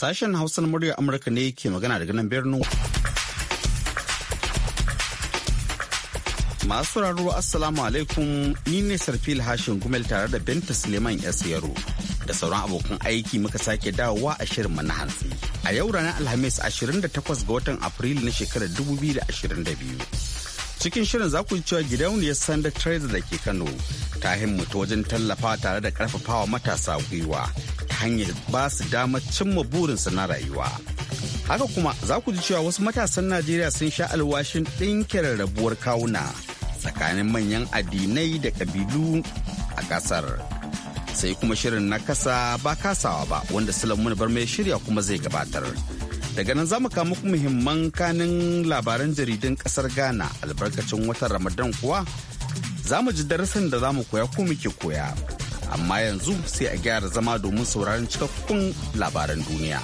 Sashen Hausa na muryar Amurka ne ke magana daga nan birnu Masu raro Assalamu alaikum ni ne Sarfil Hashin Gumel tare da benta Suleiman S. Yaro da sauran abokan aiki muka sake dawowa a shirin mana hantsi. A yau ranar Alhamis 28 ga watan Afrilu na shekarar 2022. cikin shirin za ku cewa gidauniyar sanda san da ke kano ta himmatu wajen tallafa tare da karfafawa matasa gwiwa hanyar ba su damar cimma burinsu na rayuwa. Haka kuma za ku ji cewa wasu matasan Najeriya sun sha alwashin ɗinkin rabuwar kawuna tsakanin manyan addinai da ƙabilu a ƙasar. Sai kuma shirin na kasa ba kasawa ba wanda Sulaimun bar mai shirya kuma zai gabatar. Daga nan za mu kama muku muhimman kanin labaran jaridun ƙasar Ghana albarkacin watan Ramadan kuwa za mu ji darasin da za mu koya ko muke koya. amma yanzu sai a gyara zama domin sauraron cikakkun labaran duniya.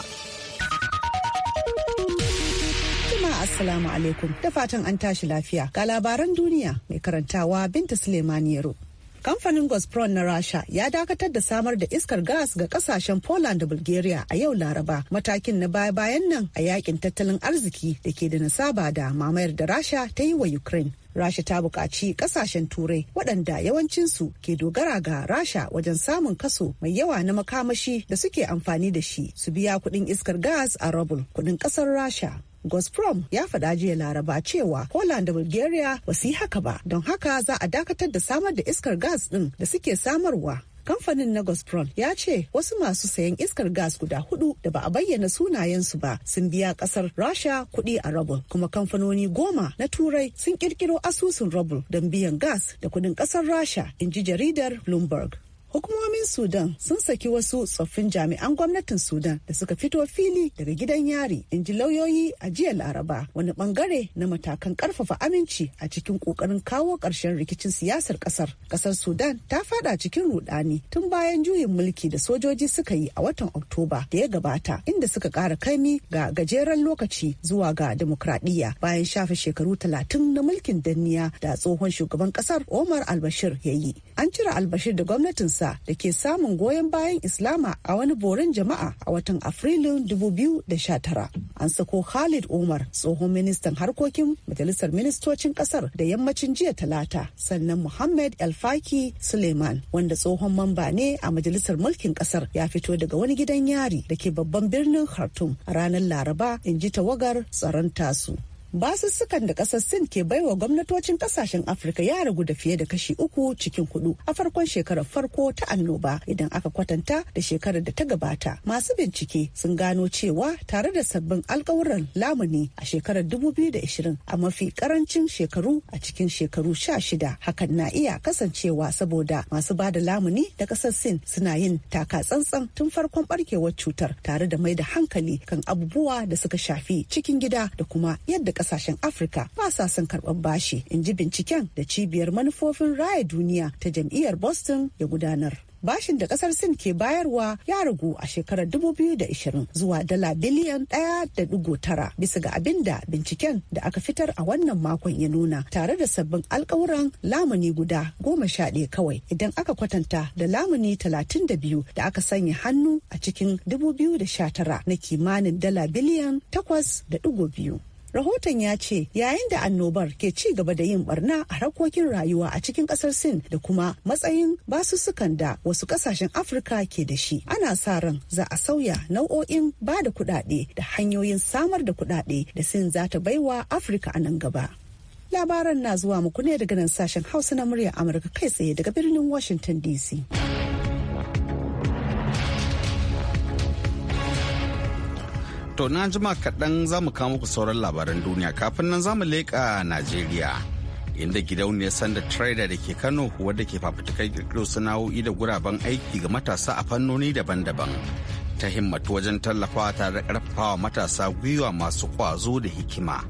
Assalamu alaikum da fatan an tashi lafiya ga labaran duniya mai karantawa Binta Yero. Kamfanin Gazprom na Rasha ya dakatar da samar da iskar gas ga kasashen Poland da Bulgaria a yau Laraba matakin na baya-bayan nan a yakin tattalin arziki da ke da nasaba da mamayar da Rasha ta yi wa Ukraine. rasha ta buƙaci ƙasashen turai waɗanda yawancinsu ke dogara ga rasha wajen samun kaso mai yawa na makamashi da suke amfani da shi su biya kuɗin iskar gas a rubul kuɗin ƙasar rasha gosprom ya faɗa jiya Laraba cewa Poland da Bulgaria ba su yi haka ba, don haka za a dakatar da samar da iskar gas ɗin da suke samarwa kamfanin na Gazprom ya ce wasu masu sayan iskar gas guda hudu da ba a bayyana sunayensu ba sun biya kasar Rasha kuɗi a rubble kuma kamfanoni goma na Turai sun kirkiro asusun rubble don biyan gas da kuɗin kasar Rasha, in ji jaridar Bloomberg. hukumomin sudan sun saki wasu tsoffin jami'an gwamnatin sudan da suka fito fili daga gidan yari in ji lauyoyi a jiya laraba wani bangare na matakan karfafa aminci a cikin kokarin kawo karshen rikicin siyasar kasar kasar sudan ta fada cikin rudani tun bayan juyin mulki da sojoji suka yi a watan oktoba da ya gabata inda suka kara kaimi ga gajeren lokaci zuwa ga demokradiyya bayan shafe shekaru talatin na mulkin danniya da tsohon shugaban kasar omar albashir ya yi an cire albashir da gwamnatin gwamnatinsa Faransa da ke samun goyon bayan Islama a wani borin jama'a a watan Afrilun 2019. An sako Khalid Umar tsohon ministan harkokin majalisar ministocin kasar da yammacin jiya talata sannan Muhammad Alfaki Suleiman wanda tsohon mamba ne a majalisar mulkin kasar ya fito daga wani gidan yari da ke babban birnin Khartoum a ranar Laraba in ji tawagar tsaron tasu. basussukan da kasar sin ke baiwa gwamnatocin kasashen afirka ya ragu da fiye da kashi uku cikin hudu a farkon shekarar farko ta annoba idan aka kwatanta da shekarar da ta gabata masu bincike sun gano cewa tare da sabbin alkawuran lamuni a shekarar 2020 a mafi karancin shekaru a cikin shekaru sha shida hakan na iya kasancewa saboda masu ba da lamuni da kasar sin suna yin taka tsantsan tun farkon barkewar cutar tare da mai da hankali kan abubuwa da suka shafi cikin gida da kuma yadda kasashen afirka ba sa son karɓar bashi in ji binciken da cibiyar manufofin raya duniya ta jam'iyyar boston ya gudanar bashin da kasar sin ke bayarwa ya ragu a shekarar 2020 zuwa dala biliyan 1.9 bisa ga abin da binciken da aka fitar a wannan makon ya nuna tare da sabbin alkawuran lamuni guda goma sha ɗaya kawai idan aka kwatanta da lamuni 32 da aka sanya hannu a cikin 2019 na kimanin dala biliyan 8.2 Rahoton ya ce yayin da annobar ke ci gaba da yin barna a harkokin rayuwa a cikin kasar Sin da kuma matsayin basussukan da wasu kasashen Afirka ke da shi. Ana sa ran za a sauya nau'o'in ba da kuɗaɗe da hanyoyin samar da kudade da Sin za ta baiwa Afirka a nan gaba. Labaran na zuwa muku ne daga nan sashen Hausa na murya Amurka kai tsaye daga birnin Washington DC. To na jima kaɗan za mu kawo muku sauran labaran duniya kafin nan za mu leƙa Najeriya. Inda gidauniyar sanda traida da ke Kano wadda ke fafutukar kirkiro sana'o'i da guraben aiki ga matasa a fannoni daban-daban. Ta himmatu wajen tallafawa tare da ƙarfafawa matasa gwiwa masu ƙwazo da hikima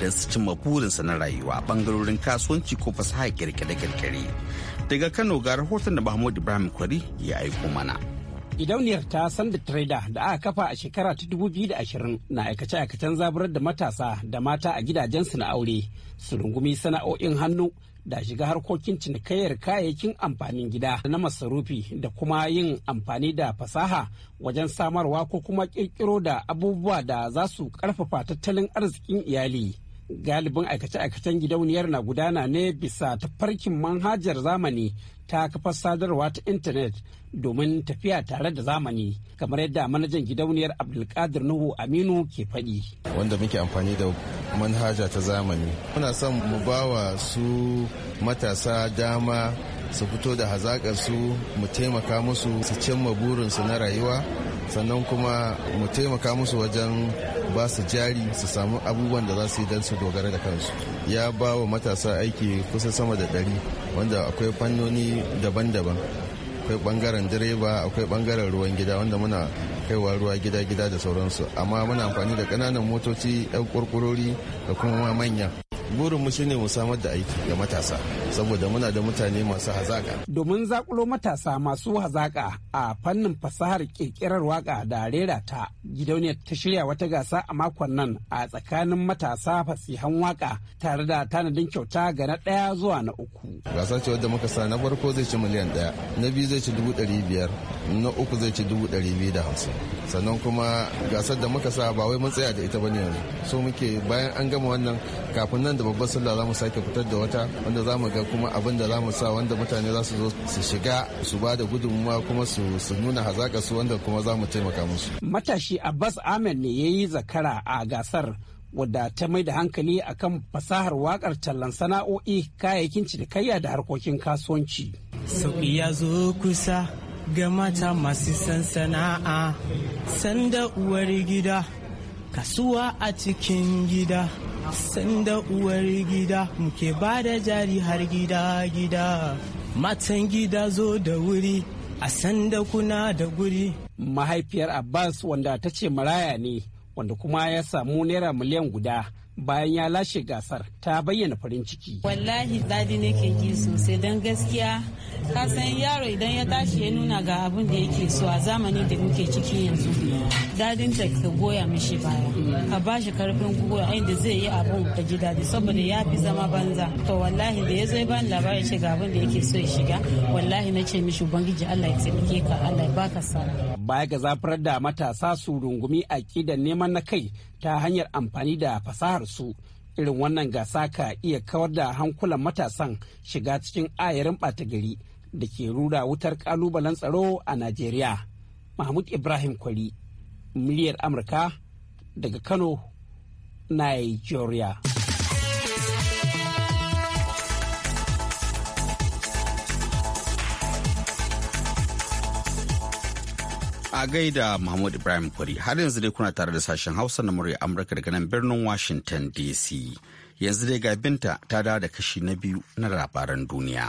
don su cimma burinsa na rayuwa bangarorin kasuwanci ko fasaha kirkire-kirkire. Daga Kano ga rahoton da Mahmud Ibrahim Kwari ya aiko mana. Gidauniyar ta Sanda Trader da aka kafa a shekara ta 2020 na aikace-aikacen zaburar da matasa da mata a gidajensu na aure su rungumi sana'o'in hannu da shiga harkokin cinikayyar kayayyakin amfanin gida na masarufi da kuma yin amfani da fasaha wajen samarwa ko kuma kirkiro da abubuwa da za su karfafa tattalin arzikin iyali galibin aikace-aikacen gidauniyar na gudana ne bisa tafarkin manhajar zamani ta kafar sadarwa ta intanet domin tafiya tare da zamani kamar yadda manajan gidauniyar abdulkadir nuhu aminu ke faɗi. wanda muke amfani da manhaja ta zamani muna son mu bawa su matasa dama su fito da hazaƙar su mu taimaka musu su cimma burinsu na rayuwa sannan kuma mu taimaka musu wajen ba su jari su samu abubuwan da za su yi don su dogara da kansu ya ba wa matasa aiki kusa sama da ɗari wanda akwai fannoni daban-daban akwai bangaren direba akwai bangaren ruwan gida wanda muna kaiwa ruwa gida-gida da sauransu amma muna amfani da ƙananan motoci 'yan kurkurori da kuma manya burin mu shine mu samar da aiki ga matasa saboda muna da mutane masu hazaka. Domin zakulo matasa masu hazaka a fannin fasahar kirkirar waka da rera ta gidauniyar ta shirya wata gasa a makon nan a tsakanin matasa fasihan waka tare da tanadin kyauta ga na ɗaya zuwa na uku. Gasa ce wadda muka sa na farko zai ci miliyan ɗaya, na biyu zai ci dubu ɗari biyar, na uku zai ci dubu ɗari biyu da hamsin. Sannan kuma gasar da muka sa ba wai mun tsaya da ita ba ne yanzu. So muke bayan an gama wannan kafin nan da babbar sallah za mu sake fitar da wata wanda za mu ga da kuma abin da za mu sa wanda mutane za su zo su shiga su ba da gudunmuwa kuma su nuna hazaƙa su wanda kuma za mu taimaka musu. Matashi Abbas Ahmed ne ya yi zakara a gasar wadda ta mai da hankali akan fasahar wakar tallan sana'o'i kayayyakin cinikayya da harkokin kasuwanci. sauki ya zo kusa ga mata masu sansana'a sanda uwar gida, kasuwa a cikin gida. sanda uwar gida muke ba da jari har gida gida matan gida zo da wuri a sanda kuna da guri mahaifiyar abbas wanda ta ce maraya ne wanda kuma ya samu naira miliyan guda bayan ya lashe gasar ta bayyana farin ciki. Wallahi ladi ne ke ji sosai don gaskiya ka san yaro idan ya tashi ya nuna ga abin da yake so a zamani da muke ciki yanzu dadinta ka goya mishi baya ka ba shi karfin goya inda zai yi abu ka ji dadi saboda ya fi zama banza to wallahi da ya zai bani labarin shiga abin da yake so ya shiga wallahi na ce mishi ubangiji Allah ya taimake ka Allah ya baka sa'a baya ga zafarar da matasa su rungumi aƙidar neman na kai ta hanyar amfani da fasahar su irin wannan gasa ka iya kawar da hankulan matasan shiga cikin ayarin ɓata gari da ke rura wutar kalubalen tsaro a najeriya mahmud ibrahim kwari miliyar amurka daga kano nigeria a gaida mahmud ibrahim kwari har yanzu dai kuna tare da sashen hausa na murya amurka daga nan birnin washington dc yanzu dai ga binta ta dawo da kashi na biyu na labaran duniya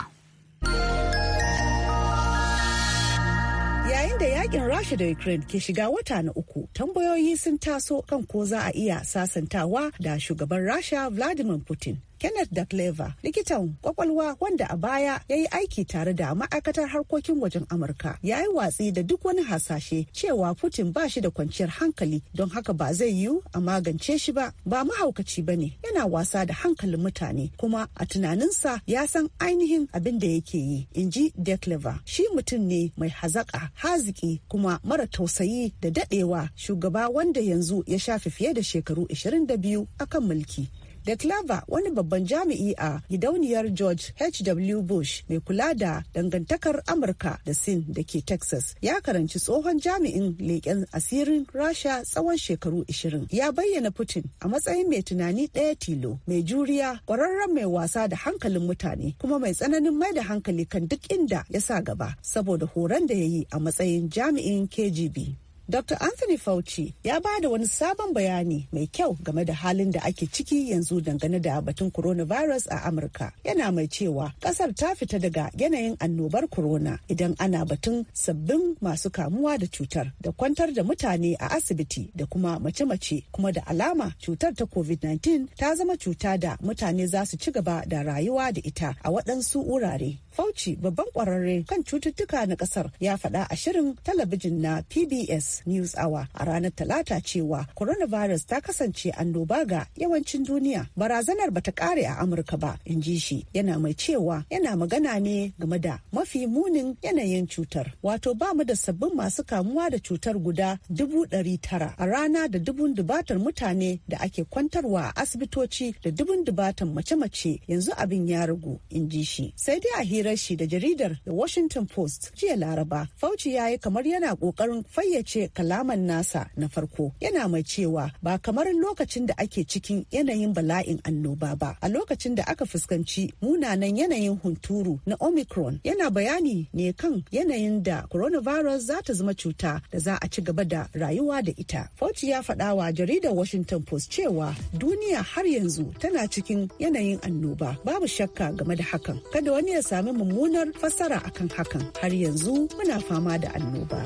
yakin rasha da ukraine ke shiga wata na uku tambayoyi sun taso kan ko za a iya sasantawa da shugaban rasha vladimir putin Kenneth Dakleva likitan kwakwalwa wanda a baya ya yi aiki tare da ma'aikatar harkokin wajen Amurka ya yi watsi da duk wani hasashe cewa Putin ba shi da kwanciyar hankali don haka ba zai yiwu a magance shi ba ba mahaukaci ba ne yana wasa da hankalin mutane kuma a tunaninsa ya san ainihin abin da yake yi in ji Dakleva shi mutum ne mai hazaka haziki kuma mara tausayi da dadewa shugaba wanda yanzu ya shafe fiye da shekaru 22 kan mulki da clava wani babban jami'i a gidauniyar george hw bush mai kula da dangantakar amurka da sin da ke texas ya karanci tsohon jami'in leƙen asirin rasha tsawon shekaru 20 ya bayyana putin a matsayin mai tunani ɗaya tilo mai juriya ƙwararren mai wasa da hankalin mutane kuma mai tsananin mai da hankali kan duk inda ya sa gaba saboda horon da ya yi a matsayin jami'in kgb Dr. Anthony Fauci ya ba da wani sabon bayani mai kyau game da halin da ake ciki yanzu dangane da batun coronavirus a Amurka. Yana mai cewa kasar ta fita daga yanayin annobar corona idan ana batun sabbin masu kamuwa da cutar da kwantar da mutane a asibiti da kuma mace-mace kuma da alama cutar ta COVID-19 ta zama cuta da mutane za su ci gaba da rayuwa da ita a waɗansu wurare Fauci babban kwararre kan cututtuka na kasar ya faɗa a shirin talabijin na PBS News Hour a ranar Talata cewa coronavirus ta kasance annoba ga yawancin duniya. Barazanar bata kare a Amurka ba, in ji shi yana mai cewa yana magana ne game da mafi munin yanayin cutar. Wato ba mu da sabbin masu kamuwa da cutar guda dubu ɗari tara a rana da dubun dubatar mutane da ake kwantarwa a asibitoci da dubun dubatan mace-mace yanzu abin ya ragu, in ji shi. Sai dai a hirar shi da jaridar The Washington Post jiya Laraba. Fauci ya yi kamar yana kokarin fayyace kalaman nasa na farko. Yana mai cewa ba kamar lokacin da ake cikin yanayin bala'in annoba ba. A lokacin da aka fuskanci munanan yanayin hunturu na Omicron yana bayani ne kan yanayin da coronavirus za ta zama cuta da za a ci gaba da rayuwa da ita. Fauci ya faɗa wa jaridar Washington Post cewa duniya har yanzu tana cikin yanayin annoba. Babu shakka game da hakan. Kada wani ya sami wani mummunar fassara akan hakan har yanzu muna fama da annoba.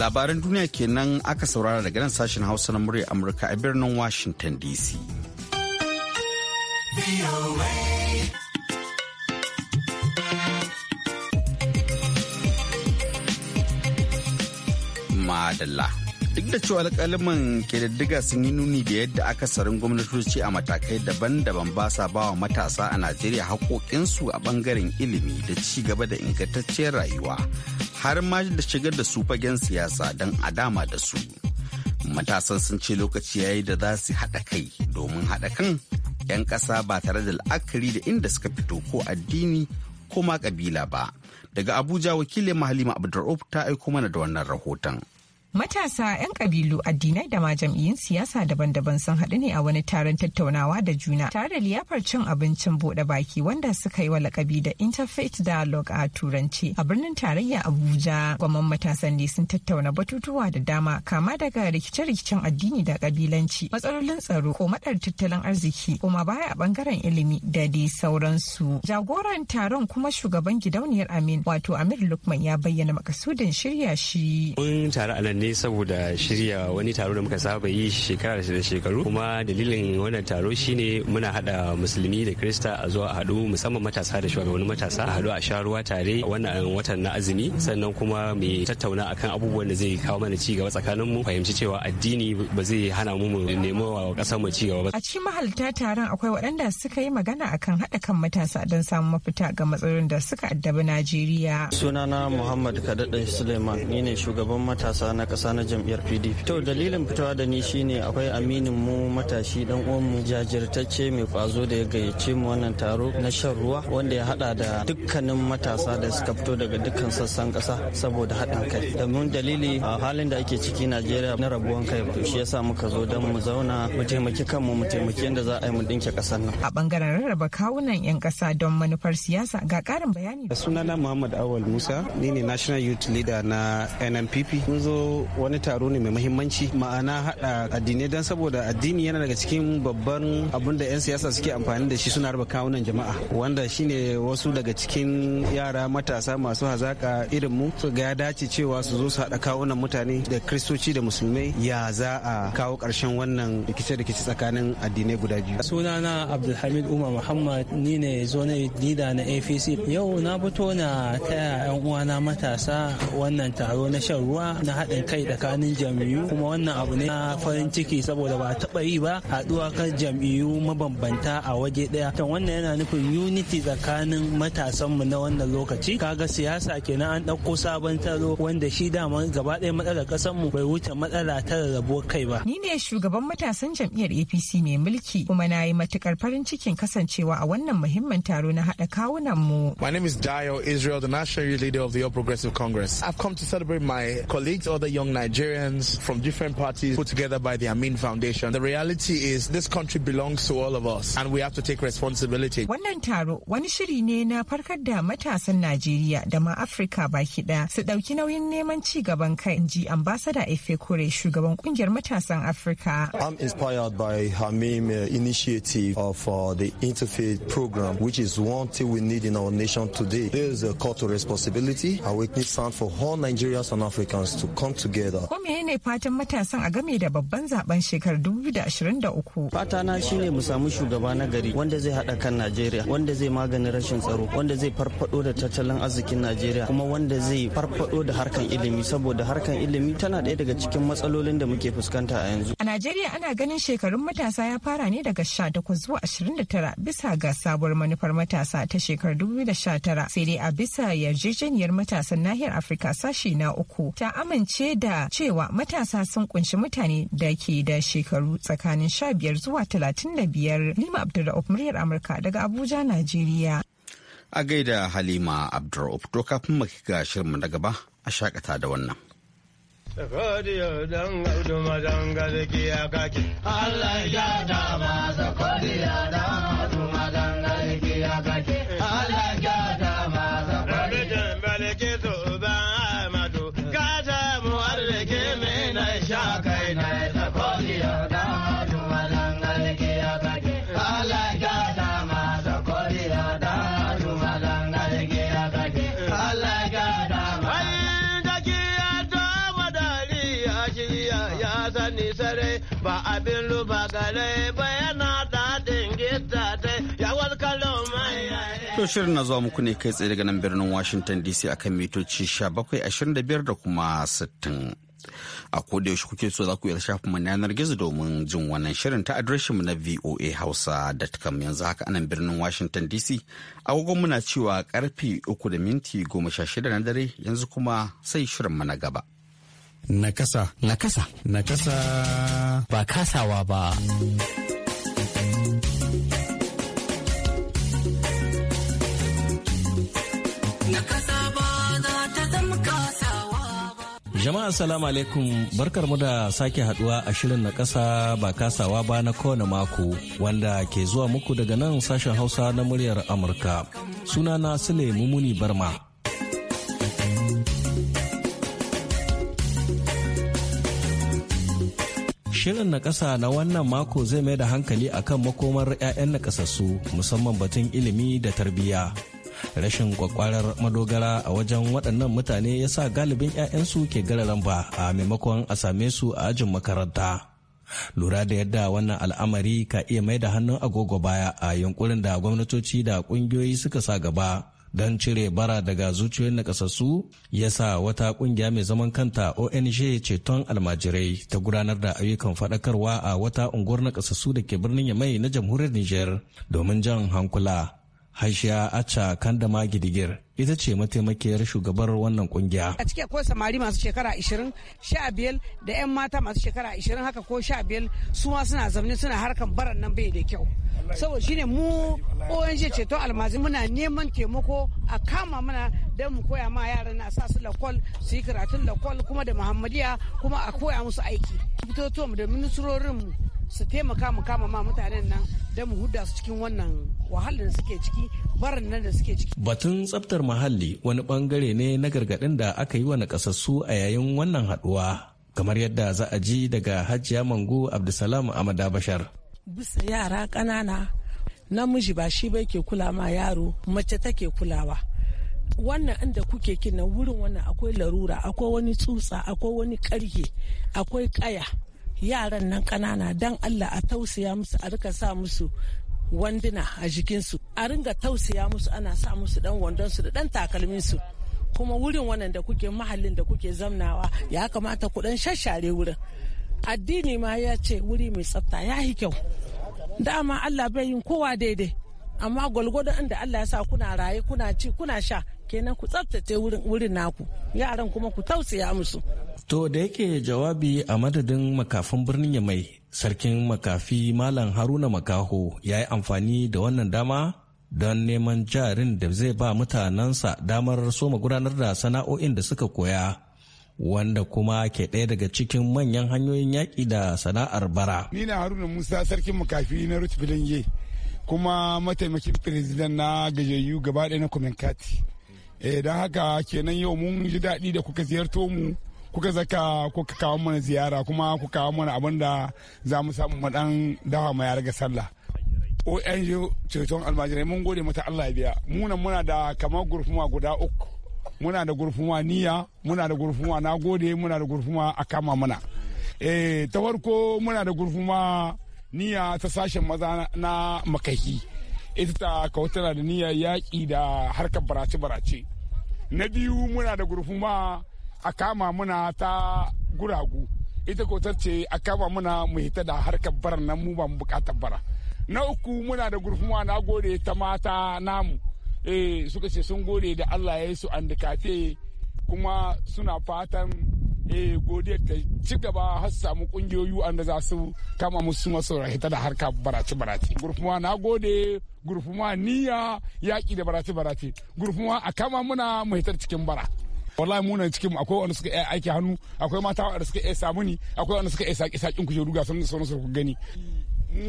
Labaran duniya kenan aka saurara daga nan sashen Hausa na murya Amurka a birnin Washington DC. Madalla. duk da cewa alƙaliman diga sun yi nuni da yadda aka sarin gwamnatoci a matakai daban-daban ba sa ba wa matasa a najeriya haƙoƙinsu a ɓangaren ilimi da ci gaba da ingantacciyar rayuwa har ma da shigar da su fagen siyasa don a dama da su matasan sun ce lokaci yayi da za su haɗa kai domin haɗa kan 'yan ƙasa ba tare da la'akari da inda suka fito ko addini ko ma ƙabila ba daga abuja wakilin mahalima abdurrauf ta aiko mana da wannan rahoton Matasa 'yan kabilu addinai da ma jam'iyyun siyasa daban-daban sun haɗu ne a wani taron tattaunawa da juna tare da liyafar cin abincin buɗe baki wanda suka yi wa lakabi da Interfaith Dialogue a Turanci a birnin tarayya Abuja. Gwamnan matasan ne sun tattauna batutuwa da dama kama daga rikice-rikicen addini da kabilanci, matsalolin tsaro ko maɗar tattalin arziki kuma baya a ɓangaren ilimi da dai sauransu. Jagoran taron kuma shugaban gidauniyar Amin wato Amir Lukman ya bayyana makasudin shirya shi. ne saboda shirya wani taro da muka saba yi shekara da shekaru kuma dalilin wannan taro shine muna hada musulmi da krista a zuwa a hadu musamman matasa da shugabannin matasa a hadu a sha ruwa tare wannan watan na azumi sannan kuma mu tattauna akan abubuwan da zai kawo mana cigaba tsakanin mu fahimci cewa addini ba zai hana mu nemo wa kasar mu cigaba ba. A cikin mahalarta taron akwai waɗanda suka yi magana akan hada kan matasa don samun mafita ga matsalolin da suka addabi Najeriya. Sunana Muhammad Kadadin Suleiman ni ne shugaban matasa na kasa na jam'iyyar pdp to dalilin fitowa da ni shine akwai aminin mu matashi dan uwanmu jajirtacce mai kwazo da ya gayyace mu wannan taro na shan ruwa wanda ya hada da dukkanin matasa da suka fito daga dukkan sassan kasa saboda haɗin kai domin dalili a halin da ake ciki najeriya na rabuwan kai ba shi yasa muka zo don mu zauna mu taimaki kanmu mu taimaki yadda za a yi mu dinke ƙasar nan a bangaren rarraba kawunan 'yan kasa don manufar siyasa ga karin bayani sunana muhammad awal musa ni ne national youth leader na nnpp mun zo wani taro ne mai mahimmanci ma'ana haɗa addinai dan saboda addini yana daga cikin babban abun da 'yan siyasa suke amfani da shi suna raba kawunan jama'a wanda shine wasu daga cikin yara matasa masu hazaka irin mu su ga ya dace cewa su zo su haɗa kawunan mutane da kristoci da musulmai ya za a kawo karshen wannan rikice-rikice tsakanin addinai guda biyu. sunana abdulhamid umar muhammad ni ne zo na lida na apc yau na fito na taya 'yan uwana matasa wannan taro na shan ruwa na haɗin kai tsakanin jam'iyyu kuma wannan abu ne na farin ciki saboda ba taɓa yi ba haɗuwa kan jam'iyyu mabambanta a waje ɗaya to wannan yana nufin unity tsakanin matasanmu na wannan lokaci kaga siyasa kenan an ɗauko sabon taro wanda shi dama gaba ɗaya matsalar mu bai wuce matsala ta rarrabuwar kai ba ni ne shugaban matasan jam'iyyar apc mai mulki kuma na yi matukar farin cikin kasancewa a wannan muhimmin taro na haɗa kawunan mu my name is Dayo Israel the national leader of the All Progressive Congress I've come to celebrate my colleagues other young young Nigerians from different parties put together by the Amin Foundation. The reality is this country belongs to all of us and we have to take responsibility. Wannan taro wani shiri ne na farkar da matasan Najeriya da ma Afirka baki daya su dauki nauyin neman ci gaban kai inji ambassador Efe Kure shugaban kungiyar matasan Afirka. I'm inspired by Hamim uh, initiative of uh, the Interfaith program which is one thing we need in our nation today. There is a call to responsibility and we need sound for all Nigerians and Africans to come together. Ko menene fatan matasan a game da babban zaben shekarar 2023? Fata na shine mu samu shugaba na gari wanda zai hada kan Najeriya, wanda zai magani rashin tsaro, wanda zai farfado da tattalin arzikin Najeriya, kuma wanda zai farfado da harkan ilimi saboda harkan ilimi tana daya daga cikin matsalolin da muke fuskanta a yanzu. A Najeriya ana ganin shekarun matasa ya fara ne daga 18 zuwa 29 bisa ga sabuwar manufar matasa ta shekarar 2019 sai dai a bisa yarjejeniyar matasan nahiyar Afirka sashi na uku ta amince da cewa matasa sun kunshi mutane da ke da shekaru tsakanin sha zuwa talatin da biyar Lima Abdulrahman muryar Amurka daga Abuja, Najeriya. A gaida Halima Abdulrahman to kafin mu ga shirinmu na gaba a shakata da wannan. To shirin na zuwa muku ne kai tsaye daga nan birnin Washington DC akan mitoci 1725 da kuma 60. A koda yaushe kuke so za ku iya shafin mu yanar gizo domin jin wannan shirin ta adireshin mu na voa hausa voahausa.com yanzu haka anan birnin Washington DC. Agogon muna cewa karfi uku da minti goma sha shida na dare yanzu kuma sai shirin mu na gaba. Nakasa. Nakasa. Nakasa. Ba kasawa ba. Jama'a salamu alaikum barkar mu da sake haduwa a shirin na kasa ba kasawa ba na kowane mako wanda ke zuwa muku daga nan sashen hausa na muryar Amurka. suna Sunana Sule Mumuni Barma. shirin na kasa na wannan mako zai mai da hankali akan makomar 'ya'yan nakasassu musamman batun ilimi da tarbiyya rashin kwakwarar madogara a wajen waɗannan mutane ya sa galibin 'ya'yansu ke gara lamba a maimakon a same su a ajin makaranta lura da yadda wannan al'amari ka iya mai da hannun agogo baya a yunkurin da gwamnatoci da ƙungiyoyi suka sa gaba don cire bara daga zuciyoyin nakasassu ya sa wata kungiya mai zaman kanta ong ceton almajirai ta gudanar da ayyukan faɗakarwa a wata unguwar nakasassu da ke birnin yamai na jamhuriyar niger domin jan hankula Haisha Acha Kandama Gidigir ita ce mataimakiyar shugabar wannan kungiya. A ciki akwai samari masu shekara 20, sha biyar da 'yan mata masu shekara 20 haka ko sha biyar su ma suna zamne suna harkan baran nan bai da kyau. Saboda shine mu ONG ceto almazi muna neman taimako a kama mana don mu koya ma yaran na sa su lakol su yi karatun lakol kuma da muhammadiya kuma a koya musu aiki. Fitoto mu da ministrorin mu su taimaka mu kama ma mutanen nan da mu huda su cikin wannan wahalar da suke ciki barin nan da suke ciki. Batun tsaftar muhalli wani bangare ne na gargaɗin da aka yi wa nakasassu a yayin wannan haɗuwa kamar yadda za a ji daga Hajiya Mangu Abdulsalam Amada Bashar. Bisa yara ƙanana namiji ba shi bai ke kula ma yaro mace take kulawa. wannan inda kuke kina wurin wannan akwai larura akwai wani tsutsa akwai wani karhe akwai kaya yaran nan kanana dan allah a tausaya musu a rika sa musu wanduna a jikinsu a ringa tausaya musu ana sa musu dan wandonsu da dan takalminsu kuma wurin wannan da kuke mahallin da kuke zamnawa ya kamata ku dan shashare wurin addini ma ya ce wuri mai tsafta ya yi kyau dama allah bai yin kowa daidai amma gwalgwadon inda allah ya sa kuna raye kuna ci kuna sha kenan ku tsaftace wurin naku yaran kuma ku tausaya musu To da yake jawabi a madadin makafin birnin mai sarkin makafi Malam Haruna Makaho ya yi amfani da wannan dama don neman jarin da zai ba mutanensa damar soma gudanar da sana'o'in da suka koya. Wanda kuma ke ɗaya daga cikin manyan hanyoyin yaƙi da sana'ar bara. Ni na Haruna Musa sarkin makafi na Ruth Bilinge kuma mataimakin firizidan na gajiyayyu gaba ɗaya na Eh don haka kenan yau mun ji daɗi da kuka ziyarto mu. kuka zaka kuka kawo mana ziyara kuma kuka kawo mana abin da za mu samu maɗan dawa ma ya ga sallah ONG ceton almajirai mun gode mata Allah ya biya munan muna da kamar gurfuma guda uku muna da gurfuma niyya muna da gurfuma na gode muna da gurfuma a kama mana eh ta farko muna da gurfuma niyya ta sashen maza na makahi ita ta kawtana da niya yaƙi da harkar barace-barace na biyu muna da gurfuma a kama muna ta guragu ita ko ce a kama muna mu hita da harkar bara nan mu ba mu bukatar bara na uku muna da gurfuma na gode ta mata namu eh suka ce sun gode da Allah ya yi su an kuma suna fatan eh godiya ta ci gaba har samu kungiyoyi wanda za su kama musu masu hita da harka barace barace gurfuma na gode gurfuma niya yaƙi da barace barace gurfuma a kama muna mu hitar cikin bara wallahi mu nan cikin akwai wanda suka iya aiki hannu akwai mata wanda suka iya samuni akwai wanda suka iya saki sakin kujeru ruga sun sauran su gani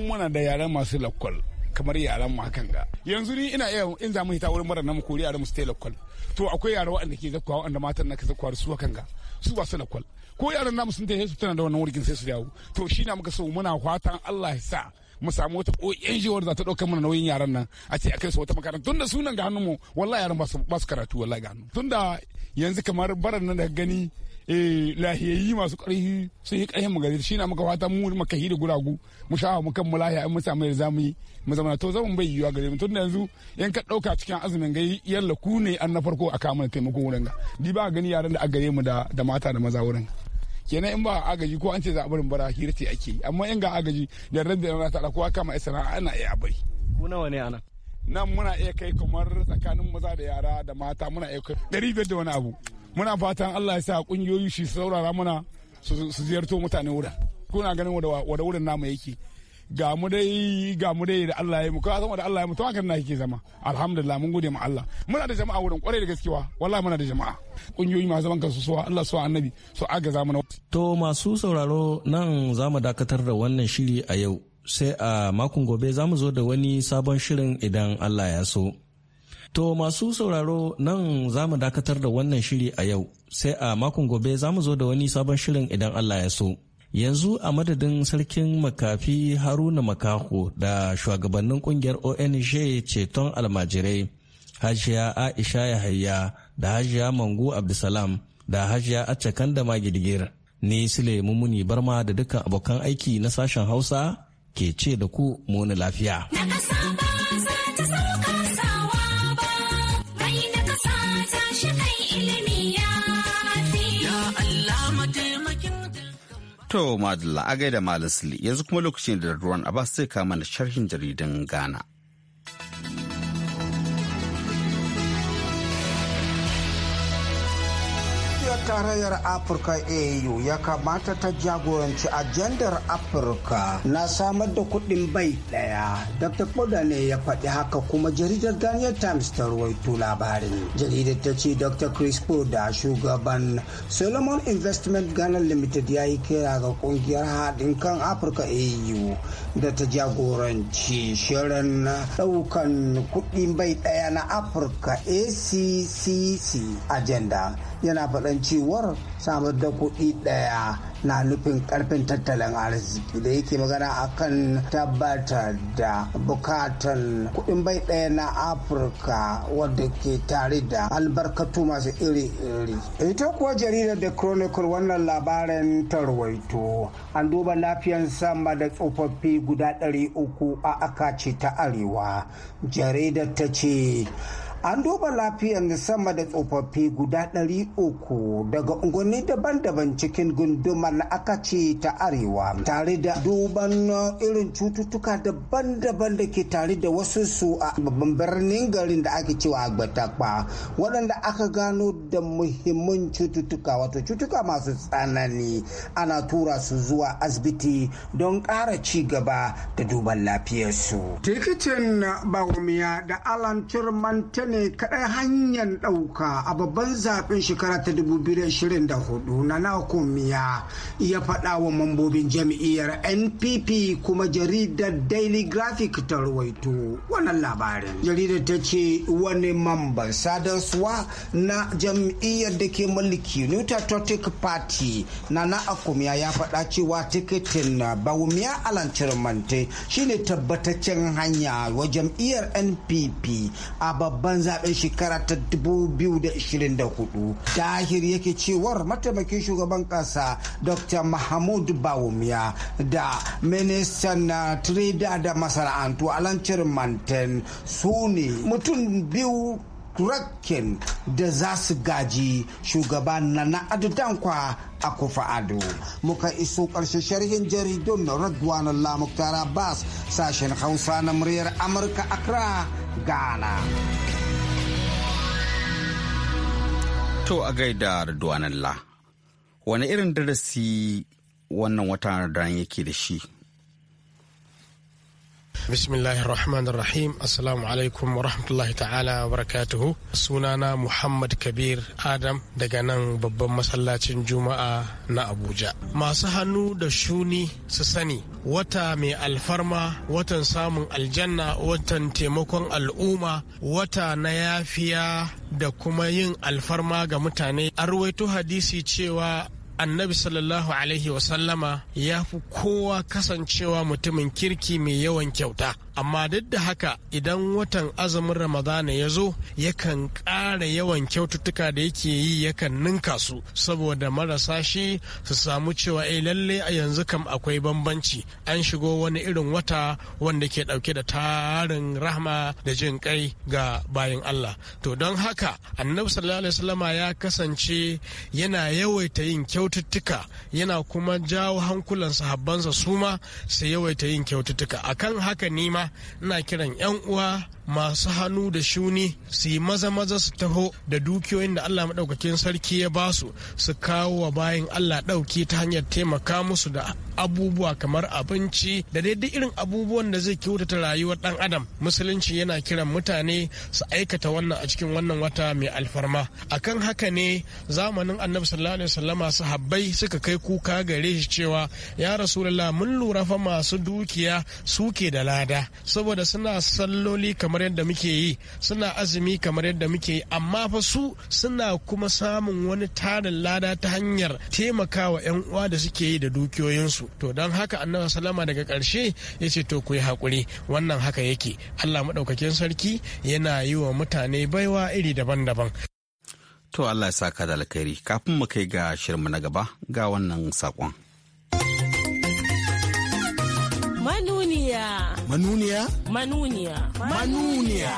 muna da yaran masu lakwal kamar yaran mu hakan ga yanzu ni ina iya in zamu hita wurin mara namu ko yaran mu su lakwal to akwai yara waɗanda ke zakkuwa waɗanda matan na ka zakkuwa su hakan ga su ba su lakwal ko yaran namu sun ta tafi su tana da wannan wurin sai su dawo to shi na muka so muna fatan Allah ya sa mu samu wata ONG wanda za ta ɗaukar mana nauyin yaran nan a ce a kai su wata makaranta tunda sunan ga hannunmu wallahi yaran ba su karatu wallahi ga hannu tunda yanzu kamar baran nan da gani eh, lahiyayi masu ƙarfi sun yi ƙarfin magana shi na muka fata mu makahi da guragu mu sha mu kan mu lahiya mu samu da zamu yi mu zama to zamu bai yiwa gare mu tunda yanzu yan ka ɗauka cikin azumin gai yalla ku ne an na farko a kama taimako wurin ga ni ba gani yaran da a gare mu da mata da maza wurin ga kenan in ba agaji ko an ce za a barin bara hira ce ake yi amma in ga agaji da ran da ta kowa kama sana'a ana iya bai. ku nawa ne anan nan muna iya kai kamar tsakanin maza da yara da mata muna iya kai ɗari biyar da wani abu muna fatan Allah ya sa kungiyoyi shi saurara mana su ziyarto mutane wurin kuna ganin wada wurin namu yake ga mu dai ga mu dai da Allah ya mu ka san da Allah ya mu to hakan na kike zama alhamdulillah mun gode ma Allah muna da jama'a wurin kwarai da gaskewa wallahi muna da jama'a kungiyoyi masu zaman kansu suwa Allah suwa annabi su zamu na to masu sauraro nan za mu dakatar da wannan shiri a yau sai a makon gobe za mu zo da wani sabon shirin idan Allah ya so To masu sauraro nan za mu dakatar da wannan shiri a yau, sai a makon gobe za mu zo da wani sabon shirin idan Allah ya so. yanzu a madadin sarkin makafi haruna makaho da shugabannin kungiyar ong ceton almajirai hajiya aisha yahaya da hajiya mangu abdulsalam da hajiya accakan da magidigir ni sule mummuni barma da dukkan abokan aiki na sashen hausa ke ce da ku muni lafiya. To Madalla, a gaida Malasli, yanzu kuma lokacin da Ruwan Abbas zai kama da sharhin jaridan Ghana. tarayyar afirka au ya kamata ta jagoranci ajandar afirka na samar da kuɗin bai ɗaya dr koda ne ya faɗi haka kuma jaridar daniel times ta ruwaito labarin jaridar ta ce dr chris Koda, shugaban solomon investment ghana limited ya yi kira ga kungiyar haɗin kan afirka au da ta jagoranci shirin daukan kudin bai daya na afirka accc agenda yana faɗan cewar samar da kuɗi daya. na nufin karfin tattalin arziki da yake magana akan tabbatar da bukatan kudin bai ɗaya na afirka wadda ke tare da albarkatu masu iri-iri ita kuwa jaridar da chronicle wannan labarin tarwaito an duba lafiyan sama da tsofaffi guda 300 a akaci ta arewa jaridar ta ce an duba lafiyar sama da tsofaffi guda ɗari uku daga unguwanni daban-daban cikin gundumar akace ta arewa tare da duban irin cututtuka daban-daban da ke tare da wasu su a babban birnin garin da ake cewa agbatakpa waɗanda aka gano da muhimmin cututtuka wato cututtuka masu tsanani ana tura su zuwa asibiti don ƙara ci gaba da duban lafiyarsu. tikitin bawumiya da alan turmantin ne kaɗai hanyar ɗauka a babban zaɓen shekara ta 2024 na nakomiya ya faɗa wa mambobin jam'iyyar npp kuma jaridar daily graphic ta ruwaito wannan labarin jaridar ta ce wani mamban sadarsuwa na jam'iyyar da ke mulki new patriotic party na nakomiya ya faɗa cewa tiketin bawumiya alancir mante shine tabbataccen hanya wa jam'iyyar npp a babban zaben shekara ta 2024 tahir yake cewar mataimakin shugaban kasa dr mahmud bawumia da ministan uh, trader da masana'antu alancar manten su ne mutum biyu raken da za su gaji shugaba na na kwa a kufa ado muka iso karshe sharhin jaridun na radwan lamuktar abbas sashen hausa na muryar amurka accra ghana To a gaida Ridwan la, Wani irin darasi wannan wata Ramadan yake da shi bismillahir rahmanir rahim alaikum wa rahmatullahi ta'ala wa barakatuhu sunana muhammad kabir adam daga nan babban masallacin juma'a na abuja masu hannu da shuni su sani wata mai alfarma watan samun aljanna watan taimakon al'umma wata na yafiya da kuma yin alfarma ga mutane Arwaito hadisi cewa annabi sallallahu alaihi wasallama ya fi kowa kasancewa mutumin kirki mai yawan kyauta amma duk da haka idan watan azumin ramadana ya zo yakan ƙara yawan kyaututtuka da yake yi yakan ninka su saboda marasa shi su samu cewa eh lalle a yanzu kam akwai bambanci an shigo wani irin wata wanda ke ɗauke da tarin rahma da jin kai ga bayan Allah to don haka annabi sallallahu alaihi wasallama ya kasance yana yawaita yin kyaututtuka yana kuma jawo hankulan sahabbansa suma su yawaita yin kyaututtuka akan haka nima ina kiran 'yan uwa masu hannu da shuni su yi maza maza su taho da dukiyoyin da Allah maɗaukakin sarki ya ba su su kawo wa bayan Allah ɗauki ta hanyar taimaka musu da abubuwa kamar abinci da daidai irin abubuwan da zai kyautata rayuwar ɗan adam musulunci yana kiran mutane su aikata wannan a cikin wannan wata mai alfarma akan haka ne zamanin annabi sallallahu alaihi wasallama habbai suka kai kuka gare shi cewa ya rasulullah mun lura fa masu dukiya suke da lada saboda suna salloli kamar yadda muke yi suna azumi kamar yadda muke yi amma fa su suna kuma samun wani tarin lada ta hanyar taimakawa 'yan uwa da suke yi da dukiyoyinsu to don haka annabi salama daga ƙarshe ya ce to ku yi haƙuri wannan haka yake allah maɗaukakin sarki yana yi wa mutane baiwa iri daban-daban to allah ya saka da alkhairi kafin mu kai ga mu na gaba ga wannan saƙon Manuniya. Manuniya? Manuniya. Manuniya.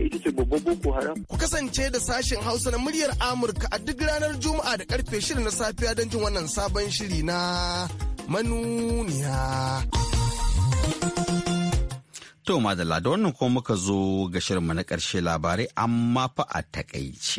ita ce babban boko haram. Ku kasance da sashen Hausa na muryar Amurka a duk ranar Juma'a da karfe shirin na safiya don jin wannan sabon shiri na manuniya. To madalla da wannan kuma muka zo ga shirinmu na ƙarshe labarai amma fa a takaici.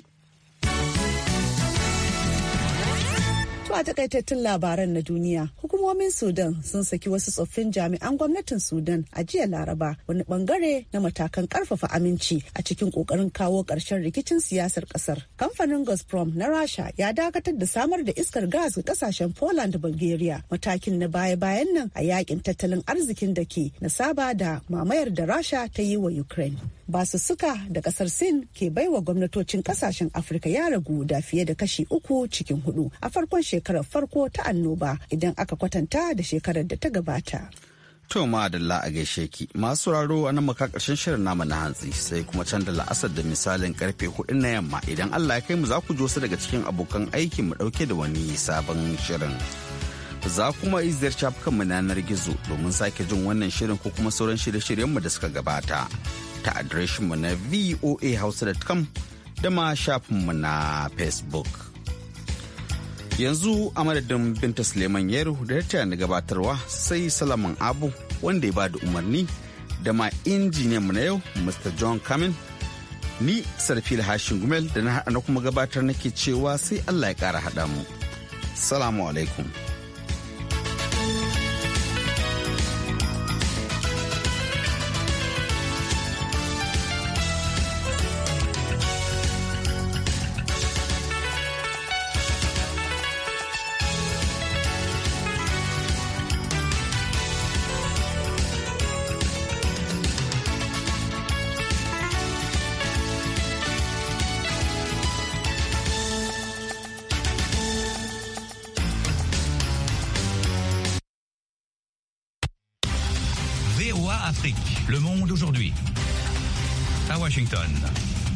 Zuwa takaitattun labaran na duniya, hukumomin Sudan sun saki wasu tsoffin jami'an gwamnatin Sudan a jiya Laraba wani bangare na matakan karfafa aminci a cikin kokarin kawo ƙarshen rikicin siyasar ƙasar. Kamfanin Gazprom na Rasha ya dakatar da samar da iskar gas ga kasashen Poland da Bulgaria. Matakin na baya-bayan nan a yakin tattalin arzikin da ke na saba da mamayar da Rasha ta yi wa Ukraine. basussuka da kasar sin ke baiwa gwamnatocin kasashen afirka ya ragu da fiye da kashi uku cikin hudu a farkon shekarar farko ta annoba idan aka kwatanta da shekarar da ta gabata To ma'adalla a gaishe ki masu raro a nan maka karshen shirin nama na hantsi sai kuma can da la'asar da misalin karfe hudu na yamma idan Allah ya kai mu za ku josu daga cikin abokan aikin mu dauke da wani sabon shirin. za kuma iziyar mu na yanar gizo domin sake jin wannan shirin ko kuma sauran shirye mu da suka gabata ta mu na voahouse.com da ma shafinmu na facebook yanzu a madadin binta suleiman yeru da ta na gabatarwa sai salaman abu wanda ya ba da umarni da ma injiniyan mu na yau mr john Kamin ni sarfil hashin gumel da na kuma gabatar nake cewa sai allah ya kara haɗa mu salamu alaikum